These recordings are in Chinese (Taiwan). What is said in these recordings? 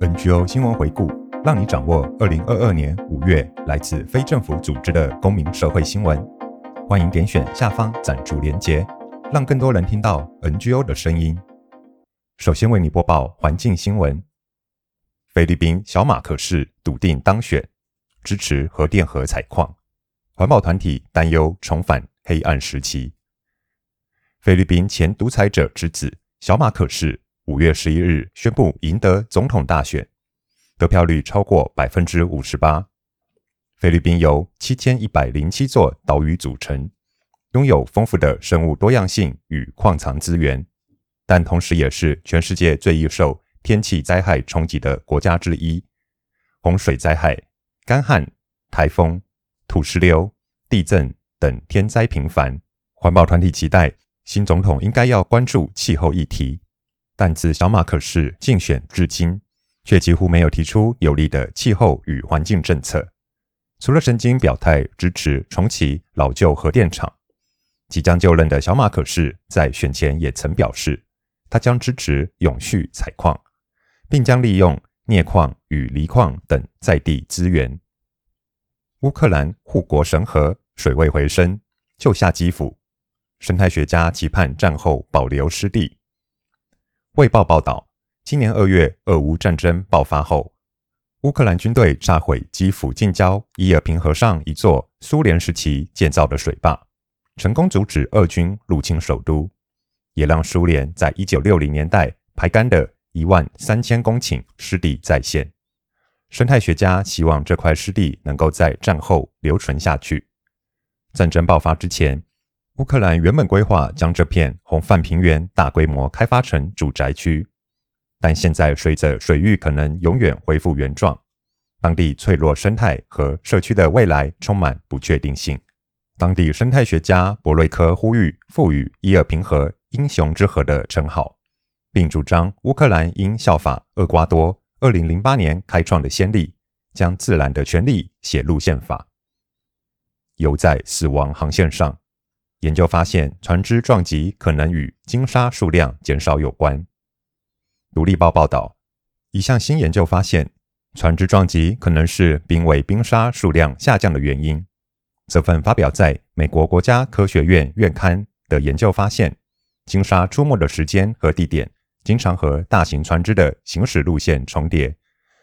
NGO 新聞回顧，讓你掌握二零二二年五月來自非政府組織的公民社會新聞。歡迎點選下方贊助連結，讓更多人聽到 NGO 的聲音。首先為你播報環境新聞：菲律賓小馬可仕篤定當選，支持核電和採礦，環保團體擔憂重返黑暗時期。菲律賓前獨裁者之子小馬可仕，五月十一日宣布贏得總統大選，得票率超過百分之五十八。菲律賓由七千一百零七座島嶼組成，擁有豐富的生物多樣性與礦藏資源，但同時也是全世界最易受天氣災害衝擊的國家之一。洪水災害、乾旱、台風、土石流、地震等天災頻繁。環保團體期待新總統應該要關注氣候議題。但自小馬可仕競選至今，卻幾乎沒有提出有力的氣候與環境政策。除了曾經表態支持重啟老舊核電廠，即將就任的小馬可仕在選前也曾表示，他將支持永續採礦，並將利用鎳礦與鋰礦等在地資源。烏克蘭護國神河水位回升，救下基輔。生態學家期盼戰後保留濕地。《衛報》報道，今年二月俄烏戰爭爆發後，烏克蘭軍隊炸毀基輔近郊伊爾平河上一座蘇聯時期建造的水壩，成功阻止俄軍入侵首都，也讓蘇聯在一九六零年代排乾的一萬三千公頃濕地再現。生態學家希望這塊濕地能夠在戰後留存下去。戰爭爆發之前，烏克蘭原本規劃將這片洪泛平原大規模開發成住宅區，但現在隨着水域可能永遠恢復原狀，當地脆弱生態和社區的未來充滿不確定性。當地生態學家博瑞科呼籲賦予伊爾平河“英雄之河”的稱號，並主張烏克蘭應效法厄瓜多2008年開創的先例，將自然的權利寫入憲法。游在死亡航線上。研究發現，船隻撞擊可能與鯨鯊數量減少有關。《獨立報》報道，一項新研究發現，船隻撞擊可能是瀕危鯨鯊數量下降的原因。這份發表在美國國家科學院院刊的研究發現，鯨鯊出沒的時間和地點經常和大型船隻的行駛路線重疊，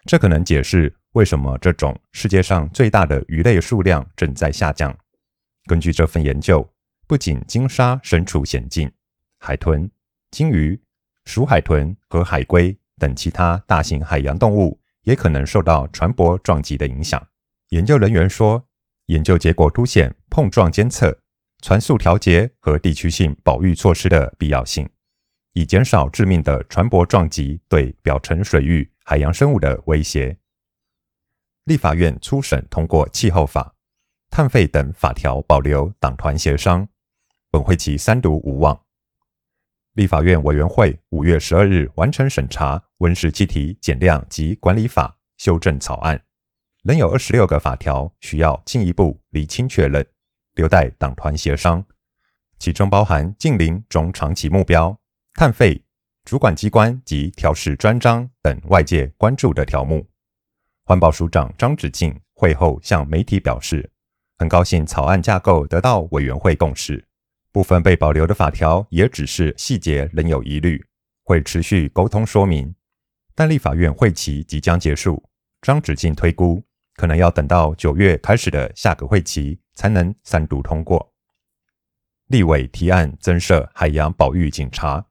這可能解釋為什麼這種世界上最大的魚類數量正在下降。根據這份研究。不僅鯨鯊身處險境，海豚、鯨魚、鼠海豚和海龜等其他大型海洋動物也可能受到船舶撞擊的影響。研究人員說，研究結果凸顯碰撞監測、船速調節和地區性保育措施的必要性，以減少致命的船舶撞擊對表層水域海洋生物的威脅。立法院初審通過氣候法、碳費等法條，保留黨團協商。本會期三讀無望。立法院委員會五月十二日完成審查《溫室氣體減量及管理法》修正草案，仍有二十六個法條需要進一步釐清確認，留待黨團協商。其中包含淨零中長期目標、碳費、主管機關及調適專章等外界關注的條目。環保署長張子敬會後向媒體表示，很高興草案架構得到委員會共識。部分被保留的法條也只是細節，仍有疑慮，會持續溝通說明。但立法院會期即將結束，張子敬推估可能要等到九月開始的下個會期才能三讀通過。立委提案增設海洋保育警察，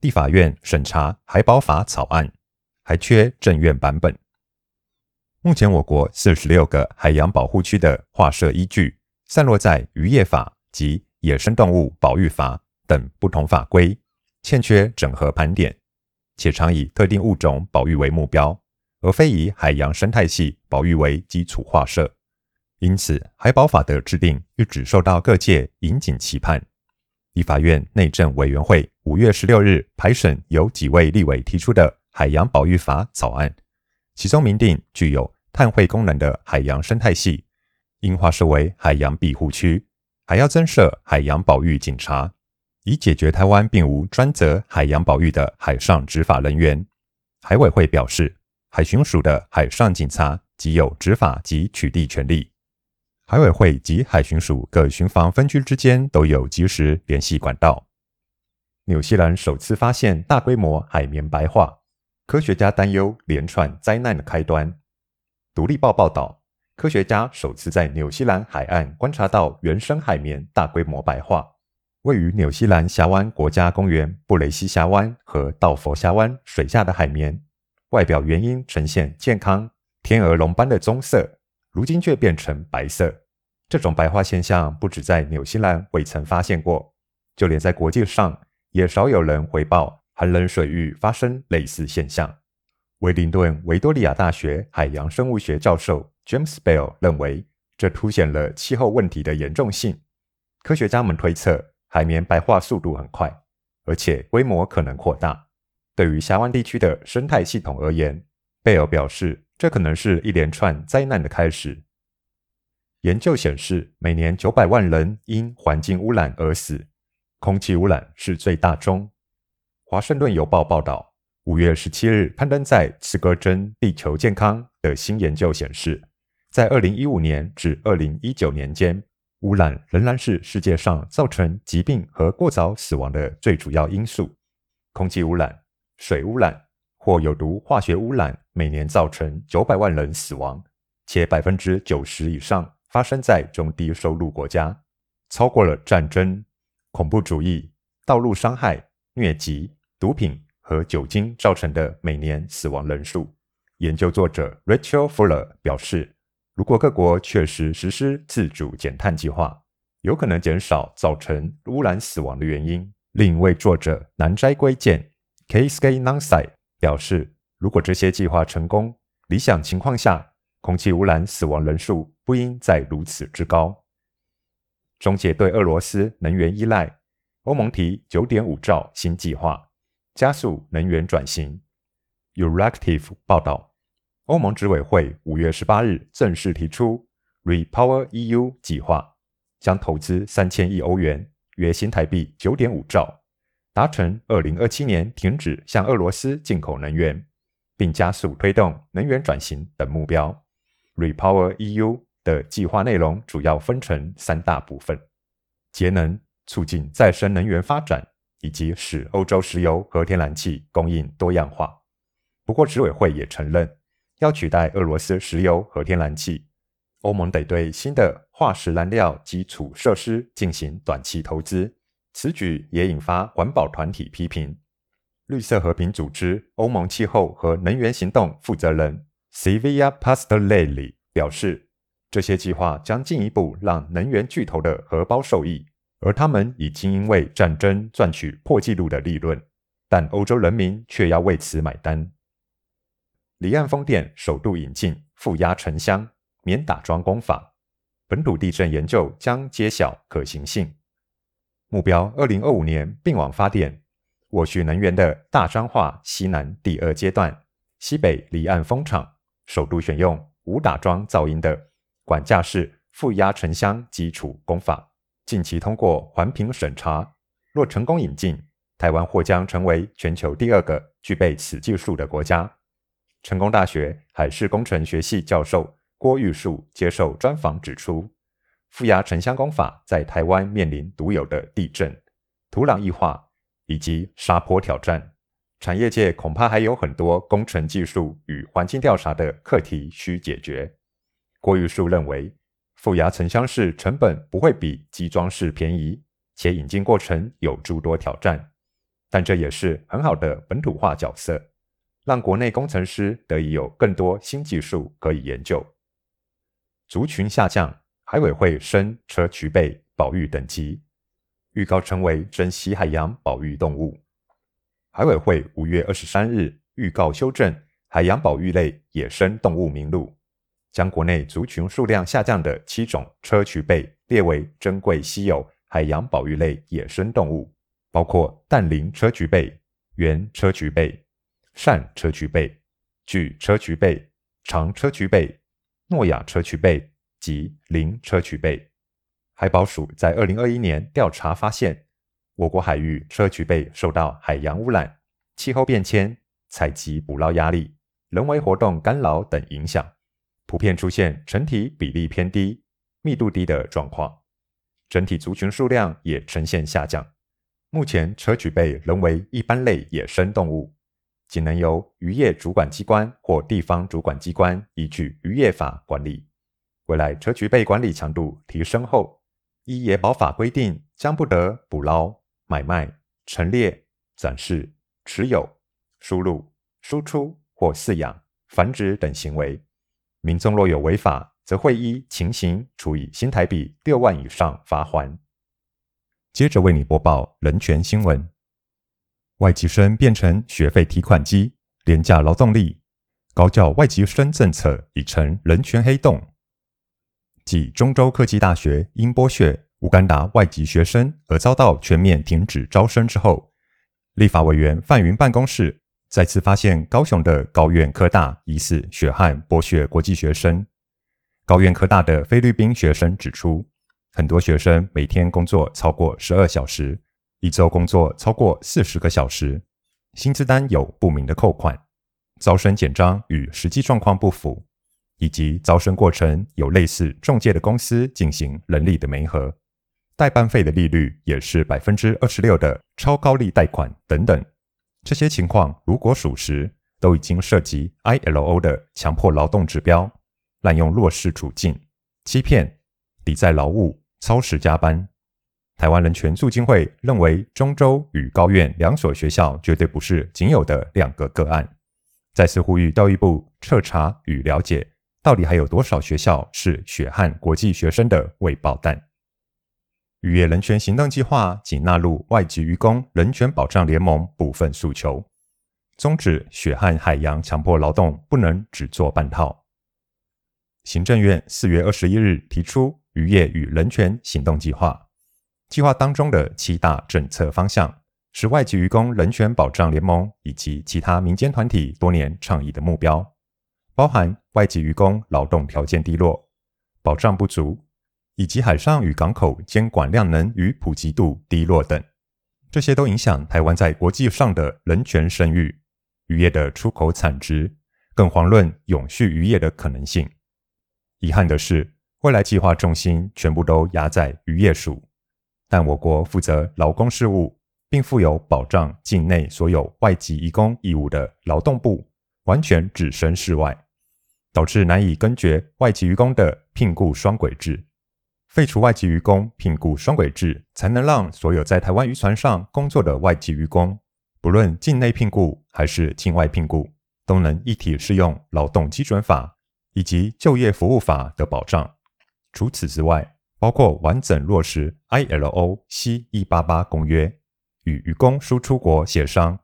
立法院審查海保法草案，還缺政院版本。目前我國四十六個海洋保護區的劃設依據散落在漁業法及。野生動物保育法等不同法規，欠缺整合盤點，且常以特定物種保育為目標，而非以海洋生態系保育為基礎劃設。因此，海保法的制定一直受到各界引頸期盼。立法院內政委員會五月十六日排審由幾位立委提出的海洋保育法草案，其中明定具有碳匯功能的海洋生態系，應劃設為海洋庇護區。還要增設海洋保育警察，以解決台灣並無專責海洋保育的海上執法人員。海委會表示，海巡署的海上警察即有執法及取締權利。海委會及海巡署各巡防分區之間都有即時聯繫管道。紐西蘭首次發現大規模海綿白化，科學家擔憂連串災難的開端。獨立報報道。科學家首次在紐西蘭海岸觀察到原生海綿大規模白化。位於紐西蘭峽灣國家公園布雷西峽灣和道佛峽灣水下的海綿，外表原應呈現健康天鵝絨般的棕色，如今卻變成白色。這種白化現象不止在紐西蘭未曾發現過，就連在國際上也少有人回報寒冷水域發生類似現象。威靈頓維多利亞大學海洋生物學教授，James Bell 認為，這凸顯了氣候問題的嚴重性。科學家們推測，海綿白化速度很快，而且規模可能擴大。對於峽灣地區的生態系統而言，貝爾表示，這可能是一連串災難的開始。研究顯示，每年九百萬人因環境污染而死，空氣污染是最大宗。華盛頓郵報報道，五月十七日刊登在《刺胳針地球健康》的新研究顯示。在二零一五年至二零一九年間，污染仍然是世界上造成疾病和過早死亡的最主要因素。空氣污染、水污染或有毒化學污染每年造成九百萬人死亡，且百分之九十以上發生在中低收入國家，超過了戰爭、恐怖主義、道路傷害、瘧疾、毒品和酒精造成的每年死亡人數。研究作者 Rachel Fuller 表示。如果各國確實實施自主減碳計劃，有可能減少造成污染死亡的原因。另一位作者南齋圭健 k a k i Nanzai） 表示，如果這些計劃成功，理想情況下，空氣污染死亡人數不應再如此之高。終結對俄羅斯能源依賴，歐盟提9.5兆新計劃，加速能源轉型。u r e a c t i v e 報道。歐盟執委會五月十八日正式提出 Repower EU 計劃，將投資三千億歐元（約新台幣九點五兆），達成二零二七年停止向俄羅斯進口能源，並加速推動能源轉型等目標。Repower EU 的計劃內容主要分成三大部分：節能、促進再生能源發展，以及使歐洲石油和天然氣供應多樣化。不過，執委會也承認。要取代俄羅斯石油和天然氣，歐盟得對新的化石燃料基礎設施進行短期投資。此舉也引發環保團體批評。綠色和平組織歐盟氣候和能源行動負責人 Silvia Pastorelli 表示：“這些計劃將進一步讓能源巨頭的荷包受益，而他們已經因為戰爭賺取破紀錄的利潤，但歐洲人民卻要為此買單。”離岸風電首度引進負壓沉箱免打樁工法，本土地震研究將揭曉可行性。目標二零二五年併網發電。沃旭能源的大彰化西南第二階段西北離岸風場首度選用無打樁噪音的管架式負壓沉箱基礎工法，近期通過環評審查。若成功引進，台灣或將成為全球第二個具備此技術的國家。成功大學海事工程學系教授郭玉樹接受專訪指出，負壓沉箱工法在台灣面臨獨有的地震、土壤液化以及沙坡挑戰，產業界恐怕還有很多工程技術與環境調查的課題需解決。郭玉樹認為，負壓沉箱式成本不會比基樁式便宜，且引進過程有諸多挑戰，但這也是很好的本土化角色，讓國內工程師得以有更多新技術可以研究。族群下降，海委會升硨磲貝保育等級，預告成為珍稀海洋保育動物。海委會五月二十三日預告修正海洋保育類野生動物名錄，將國內族群數量下降的七種硨磲貝列為珍貴稀有海洋保育類野生動物，包括淡鱗硨磲貝、圓硨磲貝、扇硨磲貝、巨硨磲貝、長硨磲貝、諾亞硨磲貝及菱硨磲貝，海保署在二零二一年調查發現，我國海域硨磲貝受到海洋污染、氣候變遷、採集捕撈壓力、人為活動干擾等影響，普遍出現成體比例偏低、密度低的狀況，整體族群數量也呈現下降。目前，硨磲貝仍為一般類野生動物。僅能由漁業主管機關或地方主管機關依據漁業法管理。未來硨磲貝管理強度提升後，依野保法規定，將不得捕撈、買賣、陳列、展示、持有、輸入、輸出或飼養、繁殖等行為。民眾若有違法，則會依情形處以新台幣六萬以上罰鍰。接着為你播報人權新聞。外籍生變成學費提款機、廉價勞動力，高教外籍生政策已成人權黑洞。繼中州科技大學因剝削烏干達外籍學生而遭到全面停止招生之後，立法委員范雲辦公室再次發現高雄的高苑科大疑似血汗剝削國際學生。高苑科大的菲律賓學生指出，很多學生每天工作超過十二小時。一周工作超過四十個小時，薪資單有不明的扣款，招生簡章與實際狀況不符，以及招生過程有類似中介的公司進行人力的媒合，代辦費的利率也是百分之二十六的超高利貸款等等，這些情況如果屬實，都已經涉及 ILO 的強迫勞動指標、濫用弱勢處境、欺騙、抵債勞務、超時加班。台灣人權促進會認為，中州與高院兩所學校絕對不是僅有的兩個個案，再次呼籲教育部徹查與了解，到底還有多少學校是血汗國際學生的未爆彈。漁業人權行動計劃僅納入外籍漁工人權保障聯盟部分訴求，終止血汗海洋強迫勞，勞動不能只做半套。行政院四月二十一日提出漁業與人權行動計劃。計劃當中的七大政策方向，是外籍漁工人權保障聯盟以及其他民間團體多年倡議的目標，包含外籍漁工勞動條件低落、保障不足，以及海上與港口監管量能與普及度低落等，這些都影響台灣在國際上的人權聲譽、漁業的出口產值，更遑論永續漁業的可能性。遺憾的是，未來計劃重心全部都壓在漁業署。但我國負責勞工事務，並負有保障境內所有外籍移工義務的勞動部，完全置身事外，導致難以根絕外籍移工的聘僱雙軌制。廢除外籍移工聘僱雙軌制，才能讓所有在台灣漁船上工作的外籍移工，不論境內聘僱還是境外聘僱，都能一體適用勞動基準法以及就業服務法的保障。除此之外，包括完整落實 ILO C188 公約，與漁工輸出國協商，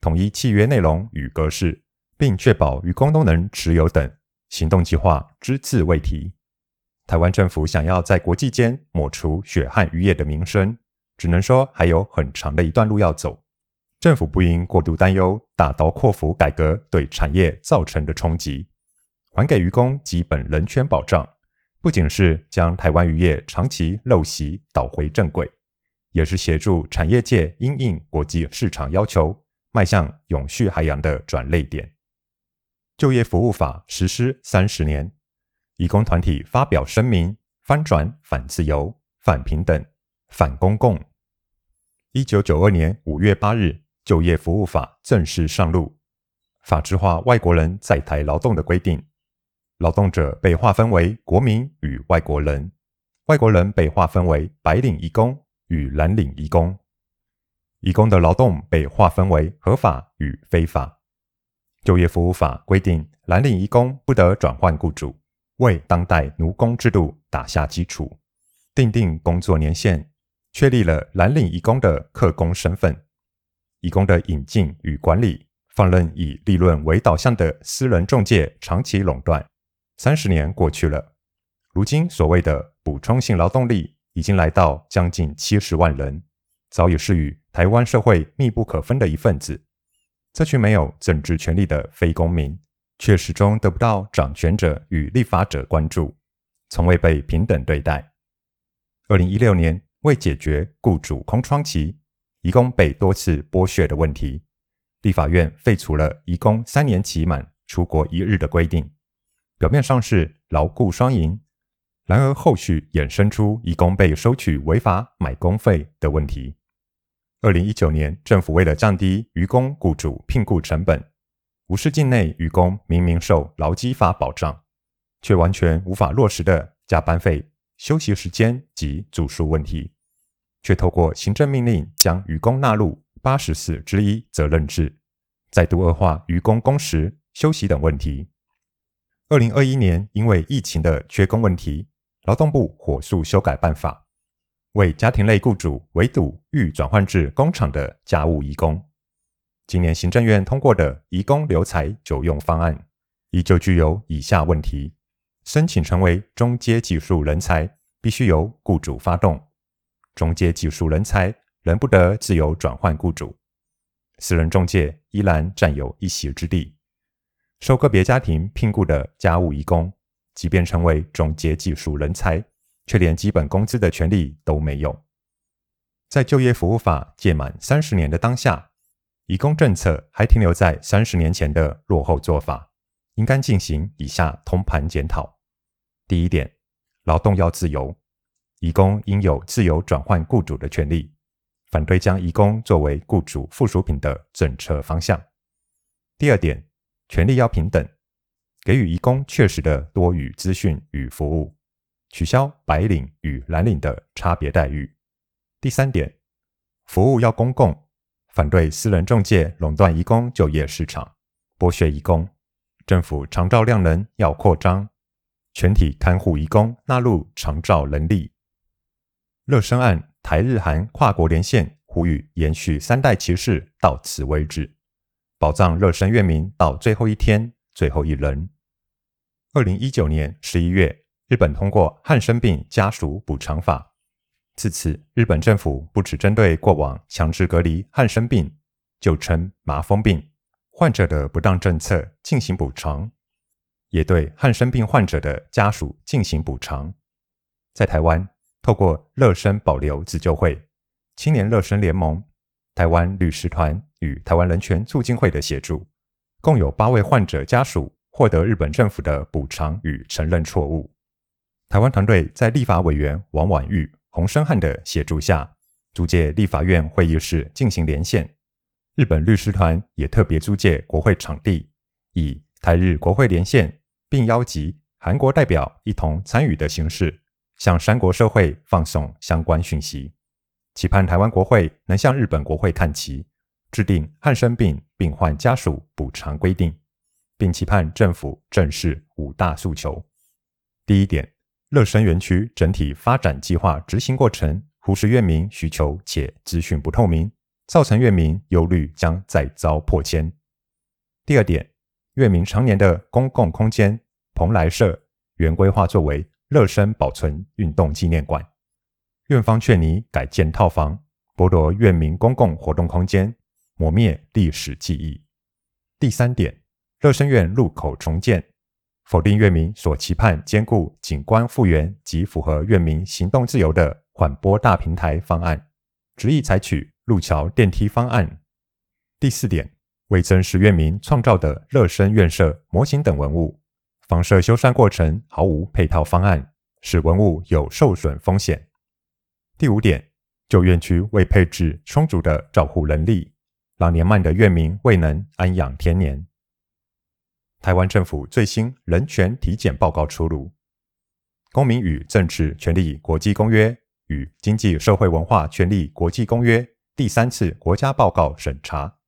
統一契約內容與格式，並確保漁工都能持有等行動計劃隻字未提。台灣政府想要在國際間抹除血汗漁業的名聲，只能說還有很長的一段路要走。政府不應過度擔憂大刀闊斧改革對產業造成的衝擊，還給漁工基本人權保障。不僅是將台灣漁業長期陋習導回正軌，也是協助產業界因應國際市場要求邁向永續海洋的轉捩點。就業服務法實施三十年，移工團體發表聲明，翻轉反自由、反平等、反公共。一九九二年五月八日，就業服務法正式上路，法制化外國人在台勞動的規定。勞動者被劃分為國民與外國人，外國人被劃分為白領移工與藍領移工。移工的勞動被劃分為合法與非法。就業服務法規定，藍領移工不得轉換雇主，為當代奴工制度打下基礎，定定工作年限，確立了藍領移工的客工身份。移工的引進與管理，放任以利潤為導向的私人仲介長期壟斷。三十年過去了，如今所謂的補充性勞動力已經來到將近七十萬人，早已是與台灣社會密不可分的一份子。這群沒有政治權利的非公民，卻始終得不到掌權者與立法者關注，從未被平等對待。二零一六年為解決雇主空窗期、移工被多次剝削的問題，立法院廢除了移工三年期滿出國一日的規定。表面上是勞雇雙贏，然而後續衍生出漁工被收取違法買工費的問題。二零一九年，政府為了降低漁工雇主聘雇成本，無視境內漁工明明受勞基法保障，卻完全無法落實的加班費、休息時間及住宿問題，卻透過行政命令將漁工納入八十四之一責任制，再度惡化漁工工時、休息等問題。二零二一年，因為疫情的缺工問題，勞動部火速修改辦法，為家庭類雇主圍堵欲轉換至工廠的家務移工。今年行政院通過的移工留才久用方案，依舊具有以下問題：申請成為中階技術人才，必須由雇主發動；中階技術人才仍不得自由轉換雇主；私人中介依然佔有一席之地。受個別家庭聘僱的家務移工，即便成為總結技術人才，卻連基本工資的權利都沒有。在就業服務法屆滿三十年的當下，移工政策還停留在三十年前的落後做法，應該進行以下通盤檢討。第一點，勞動要自由，移工應有自由轉換雇主的權利，反對將移工作為雇主附屬品的政策方向。第二點，權利要平等，給予移工確實的多語資訊與服務，取消白領與藍領的差別待遇。第三點，服務要公共，反對私人仲介壟斷移工就業市場，剝削移工。政府長照量能要擴張，全體看護移工納入長照人力。樂生案台日韓跨國連線呼籲，延續三代歧視到此為止。保障樂生院民到最後一天、最後一人。二零一九年十一月，日本通過《漢生病家屬補償法》，自此日本政府不只針對過往強制隔離漢生病、舊稱麻風病患者的不當政策進行補償，也對漢生病患者的家屬進行補償。在台灣，透過樂生保留自救會、青年樂生聯盟、台灣律師團，與台灣人權促進會的協助，共有八位患者家屬獲得日本政府的補償與承認錯誤。台灣團隊在立法委員王婉諭、洪申翰的協助下，租借立法院會議室進行連線。日本律師團也特別租借國會場地，以台日國會連線，並邀集韓國代表一同參與的形式，向三國社會放送相關訊息，期盼台灣國會能向日本國會看齊，制定漢生病病患家屬補償規定，並期盼政府正視五大訴求。第一點，樂生園區整體發展計劃執行過程忽視院民需求且資訊不透明，造成院民憂慮將再遭迫遷。第二點，院民常年的公共空間蓬萊社原規劃作為樂生保存運動紀念館，院方卻擬改建套房，剝奪院民公共活動空間，磨滅歷史記憶。第三點，樂生院入口重建，否定院民所期盼，兼顧景觀復原及符合院民行動自由的緩坡大平台方案，執意採取路橋電梯方案。第四點，未珍視院民創造的樂生院舍模型等文物，房舍修繕過程毫無配套方案，使文物有受損風險。第五點，舊院區未配置充足的照護能力。年邁的院民未能安養天年。台灣政府最新人權體檢報告出爐，《公民與政治權利國際公約》與《經濟社會文化權利國際公約》第三次國家報告審查，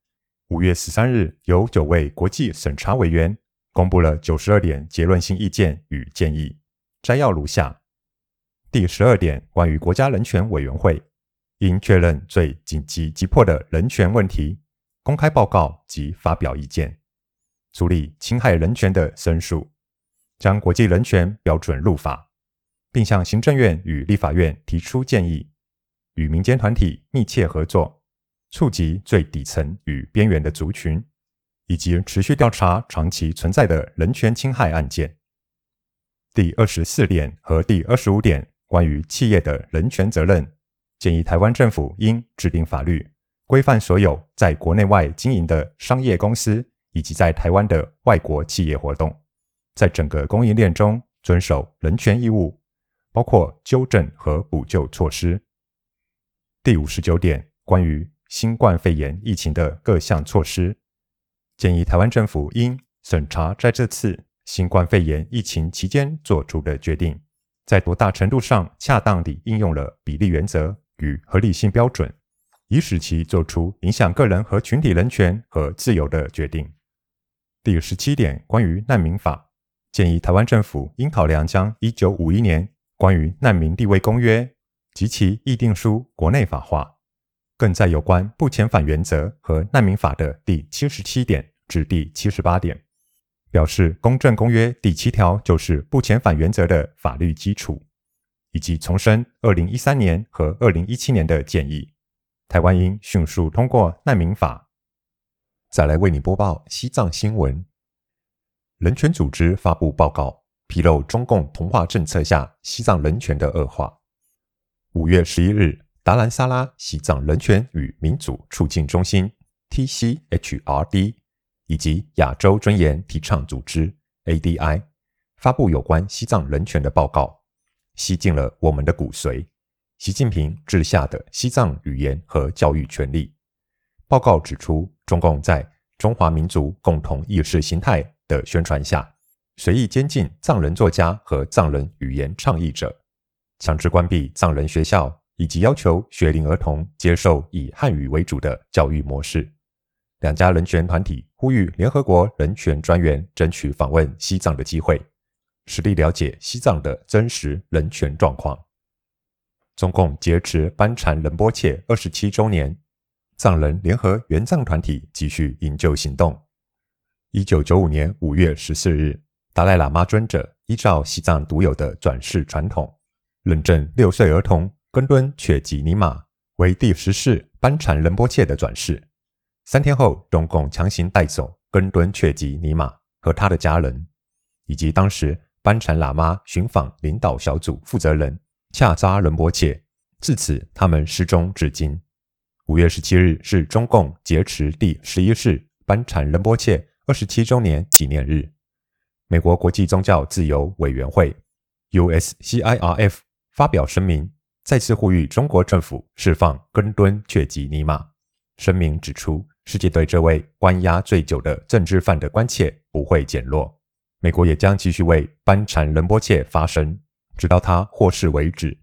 五月十三日由九位國際審查委員公布了九十二點結論性意見與建議。摘要如下：第十二點，關於國家人權委員會，應確認最緊急急迫的人權問題。公開報告及發表意見，處理侵害人權的申訴，將國際人權標準入法，並向行政院與立法院提出建議，與民間團體密切合作，觸及最底層與邊緣的族群，以及持續調查長期存在的人權侵害案件。第二十四點和第二十五點，關於企業的人權責任，建議台灣政府應制定法律。規範所有在國內外經營的商業公司以及在台灣的外國企業活動，在整個供應鏈中遵守人權義務，包括糾正和補救措施。第五十九點，關於新冠肺炎疫情的各項措施，建議台灣政府應審查在這次新冠肺炎疫情期間做出的決定，在多大程度上恰當地應用了比例原則與合理性標準。以使其做出影響個人和群體人權和自由的決定。第十七點，關於難民法，建議台灣政府應考量將一九五一年關於難民地位公約及其議定書國內法化，更在有關不遣返原則和難民法的第七十七點至第七十八點，表示《公正公約》第七條就是不遣返原則的法律基礎，以及重申二零一三年和二零一七年的建議。台灣應迅速通過難民法，再來為你播報西藏新聞。人權組織發布報告，披露中共同化政策下西藏人權的惡化。五月十一日，達蘭薩拉西藏人權與民主促進中心 （TCHRD） 以及亞洲尊嚴提倡組織 （ADI） 發布有關西藏人權的報告，吸進了我們的骨髓。習近平治下的西藏語言和教育權利報告指出，中共在中華民族共同意識形態的宣傳下，隨意監禁藏人作家和藏人語言倡議者，強制關閉藏人學校，以及要求學齡兒童接受以漢語為主的教育模式。兩家人權團體呼籲聯合國人權專員爭取訪問西藏的機會，實地了解西藏的真實人權狀況。中共劫持班禪仁波切二十七周年，藏人聯合援藏團體繼續營救行動。一九九五年五月十四日，達賴喇嘛尊者依照西藏獨有的轉世傳統，認證六歲兒童根敦却吉尼瑪為第十世班禪仁波切的轉世。三天後，中共強行帶走根敦却吉尼瑪和他的家人，以及當時班禪喇嘛尋訪領導領導小組負責人。恰扎仁波切，自此他們失蹤至今。五月十七日是中共劫持第十一世班禪仁波切二十七周年紀念日。美國國際宗教自由委員會 （USCIRF） 發表聲明，再次呼籲中國政府釋放根敦卻吉尼瑪。聲明指出，世界對這位關押最久的政治犯的關切不會減弱。美國也將繼續為班禪仁波切發聲。直到他獲釋為止。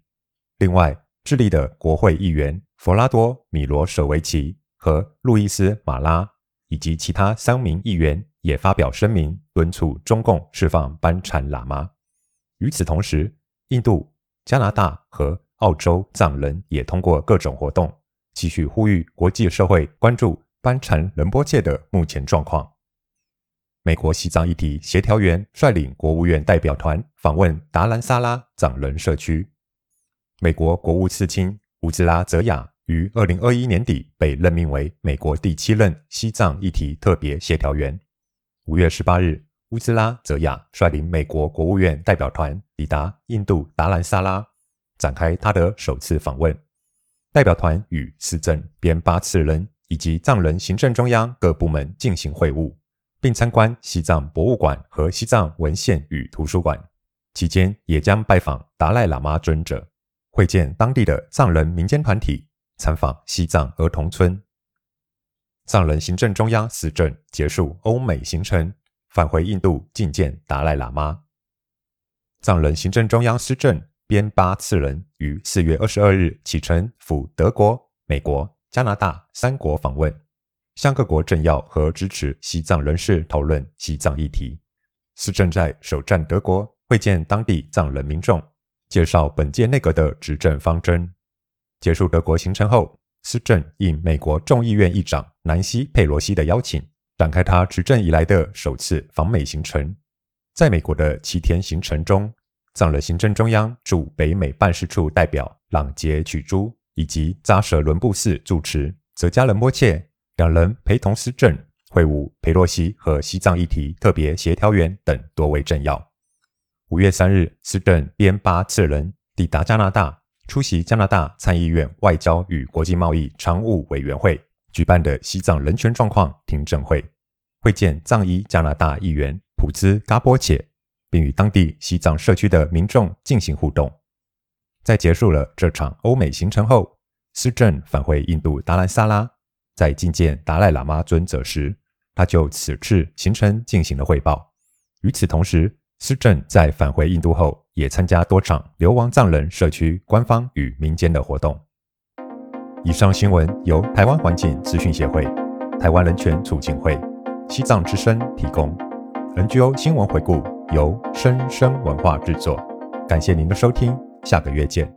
另外，智利的國會議員弗拉多·米羅舍維奇和路易斯·馬拉以及其他三名議員也發表聲明，敦促中共釋放班禪喇嘛。與此同時，印度、加拿大和澳洲藏人也通過各種活動，繼續呼籲國際社會關注班禪仁波切的目前狀況。美國西藏議題協調員率領國務院代表團訪問達蘭薩拉藏人社區。美國國務次卿烏茲拉澤雅於二零二一年底被任命為美國第七任西藏議題特別協調員。五月十八日，烏茲拉澤雅率領美國國務院代表團抵達印度達蘭薩拉，展開他的首次訪問。代表團與司政、邊巴次仁以及藏人行政中央各部門進行會晤。並參觀西藏博物館和西藏文獻與圖書館，期間也將拜訪達賴喇,喇嘛尊者，會見當地的藏人民間團體，參訪西藏兒童村。藏人行政中央司政結束歐美行程，返回印度覲見達賴喇,喇嘛。藏人行政中央司政邊巴次仁於四月二十二日啟程赴德國、美國、加拿大三國訪問。向各國政要和支持西藏人士討論西藏議題。司政在首站德國會見當地藏人民眾，介紹本屆內閣的執政方針。結束德國行程後，司政應美國眾議院議長南希·佩洛西的邀請，展開他執政以來的首次訪美行程。在美國的七天行程中，藏人行政中央駐北美辦事處代表朗杰曲珠以及扎什倫布寺住持澤嘉仁波切。兩人陪同司政會晤裴洛西和西藏議題特別協調員等多位政要。五月三日，司政邊巴次仁抵達加拿大，出席加拿大參議院外交與國際貿易常務委員會舉辦的西藏人權狀況聽證會，會見藏裔加拿大議員普茲·嘎波切，並與當地西藏社區的民眾進行互動。在結束了這場歐美行程後，司政返回印度達蘭薩拉。在覲見達賴喇嘛尊者時，他就此次行程進行了匯報。與此同時，司政在返回印度後，也參加多場流亡藏人社區官方與民間的活動。以上新聞由台灣環境資訊協會、台灣人權促進會、西藏之聲提供。NGO 新聞回顧由生聲文化制作。感謝您的收聽，下個月見。